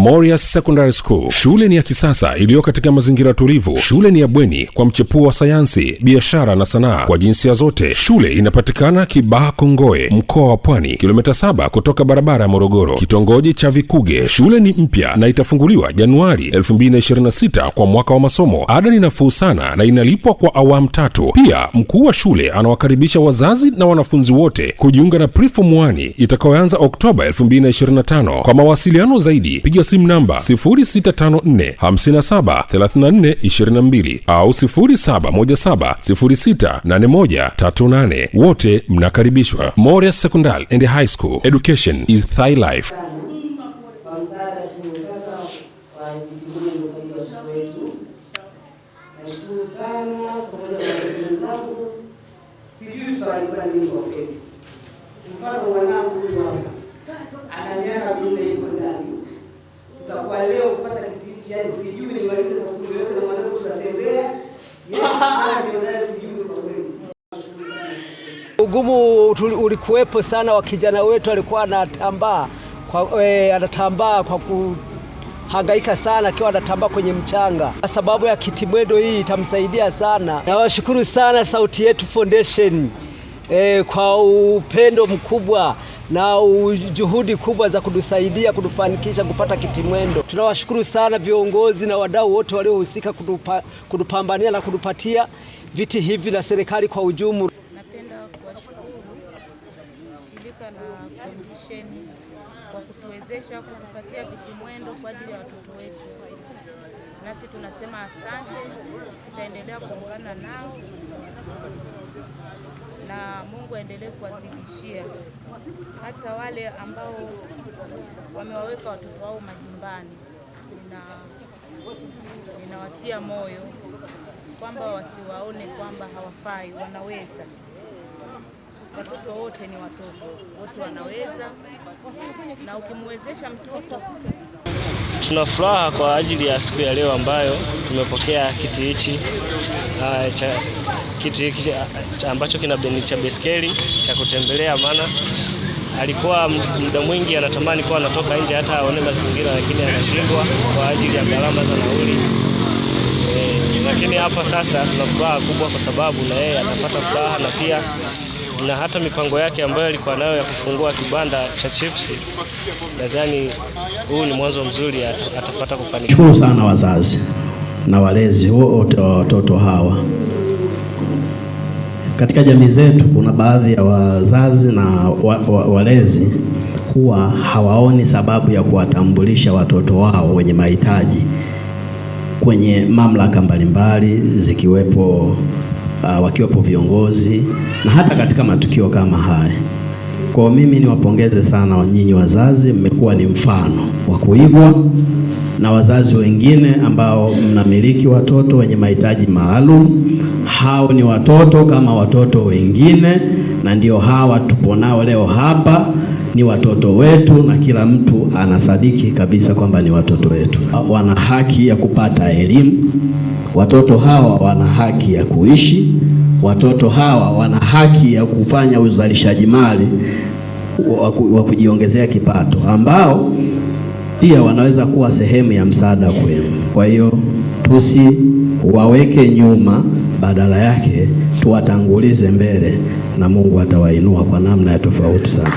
Moria Secondary School. Shule ni ya kisasa iliyo katika mazingira tulivu. Shule ni ya bweni kwa mchepuo wa sayansi, biashara na sanaa kwa jinsia zote. Shule inapatikana Kibaha Kongoe, mkoa wa Pwani, kilomita saba kutoka barabara ya Morogoro, kitongoji cha Vikuge. Shule ni mpya na itafunguliwa Januari 2026 kwa mwaka wa masomo. Ada ni nafuu sana na inalipwa kwa awamu tatu. Pia mkuu wa shule anawakaribisha wazazi na wanafunzi wote kujiunga na pre 1 itakayoanza Oktoba 2025. Kwa mawasiliano zaidi piga simu namba 654573422 au 71768 wote mnakaribishwa moria secondary and high school education is thy life mfano mwanangu ana miaka minne iko ndani kwa leo kupata sijui nimalize na mwanangu tutatembea, Ugumu ulikuwepo sana wa kijana wetu alikuwa anatambaa kwa, e, anatambaa kwa kuhangaika sana akiwa anatambaa kwenye mchanga. Kwa sababu ya kitimwendo hii itamsaidia sana. Nawashukuru sana Sauti Yetu Foundation e, kwa upendo mkubwa na juhudi kubwa za kutusaidia kutufanikisha kupata kitimwendo. Tunawashukuru sana viongozi na wadau wote waliohusika kutupa, kutupambania na kutupatia viti hivi na serikali kwa ujumu. Napenda kuwashukuru shirika la Foundation kwa kutuwezesha kutupatia vitimwendo kwa ajili ya watoto wetu nasi tunasema asante, tutaendelea kuungana nao na Mungu aendelee kuwazidishia hata wale ambao wamewaweka watoto wao majumbani. Nina ninawatia moyo kwamba wasiwaone kwamba hawafai, wanaweza. Watoto wote ni watoto, wote wanaweza, na ukimwezesha mtoto Tuna furaha kwa ajili ya siku ya leo ambayo tumepokea kiti hichi uh, cha, kiti hiki ambacho kina beni cha beskeli cha kutembelea. Maana alikuwa muda mwingi anatamani kuwa anatoka nje hata aone mazingira, lakini anashindwa kwa ajili ya gharama za nauli e, lakini hapa sasa tuna furaha kubwa kwa sababu na yeye atapata furaha na pia na hata mipango yake ambayo alikuwa nayo ya kufungua kibanda cha chips, nadhani huu ni mwanzo mzuri, atapata kufanikiwa. Shukuru sana wazazi na walezi wote wa watoto hawa. Katika jamii zetu kuna baadhi ya wazazi na wa, wa, walezi kuwa hawaoni sababu ya kuwatambulisha watoto wao wenye mahitaji kwenye mamlaka mbalimbali zikiwepo uh, wakiwapo viongozi na hata katika matukio kama haya. Kwa mimi niwapongeze sana nyinyi wazazi, mmekuwa ni mfano wa kuigwa na wazazi wengine ambao mnamiliki watoto wenye mahitaji maalum. Hao ni watoto kama watoto wengine na ndio hawa tupo nao leo hapa ni watoto wetu, na kila mtu anasadiki kabisa kwamba ni watoto wetu. Wana haki ya kupata elimu, watoto hawa wana haki ya kuishi, watoto hawa wana haki ya kufanya uzalishaji mali wa kujiongezea kipato, ambao pia wanaweza kuwa sehemu ya msaada kwenu. Kwa hiyo tusiwaweke nyuma, badala yake tuwatangulize mbele na Mungu atawainua kwa namna ya tofauti sana.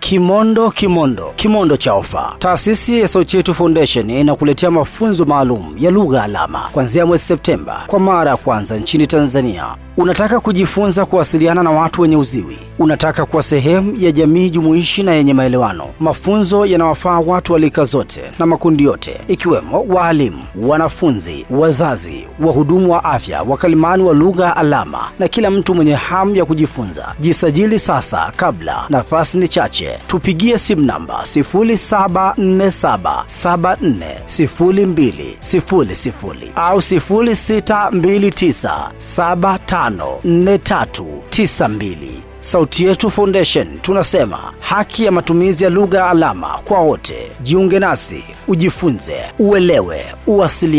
Kimondo Kimondo Kimondo cha Ofa. Taasisi ya Sauti Yetu Foundation inakuletea mafunzo maalum ya lugha alama kuanzia mwezi Septemba kwa mara ya kwanza nchini Tanzania. Unataka kujifunza kuwasiliana na watu wenye uziwi? Unataka kuwa sehemu ya jamii jumuishi na yenye maelewano? Mafunzo yanawafaa watu wa zote na makundi yote, ikiwemo waalimu, wanafunzi, wazazi, wahudumu wa afya, wakalimani wa lugha alama na kila mtu mwenye hamu ya kujifunza. Jisajili sasa kabla nafasi ni chache. Tupigie simu namba 0747740200 au 0629754392. Sauti Yetu Foundation tunasema haki ya matumizi ya lugha alama kwa wote. Jiunge nasi ujifunze, uelewe, uwasiliane.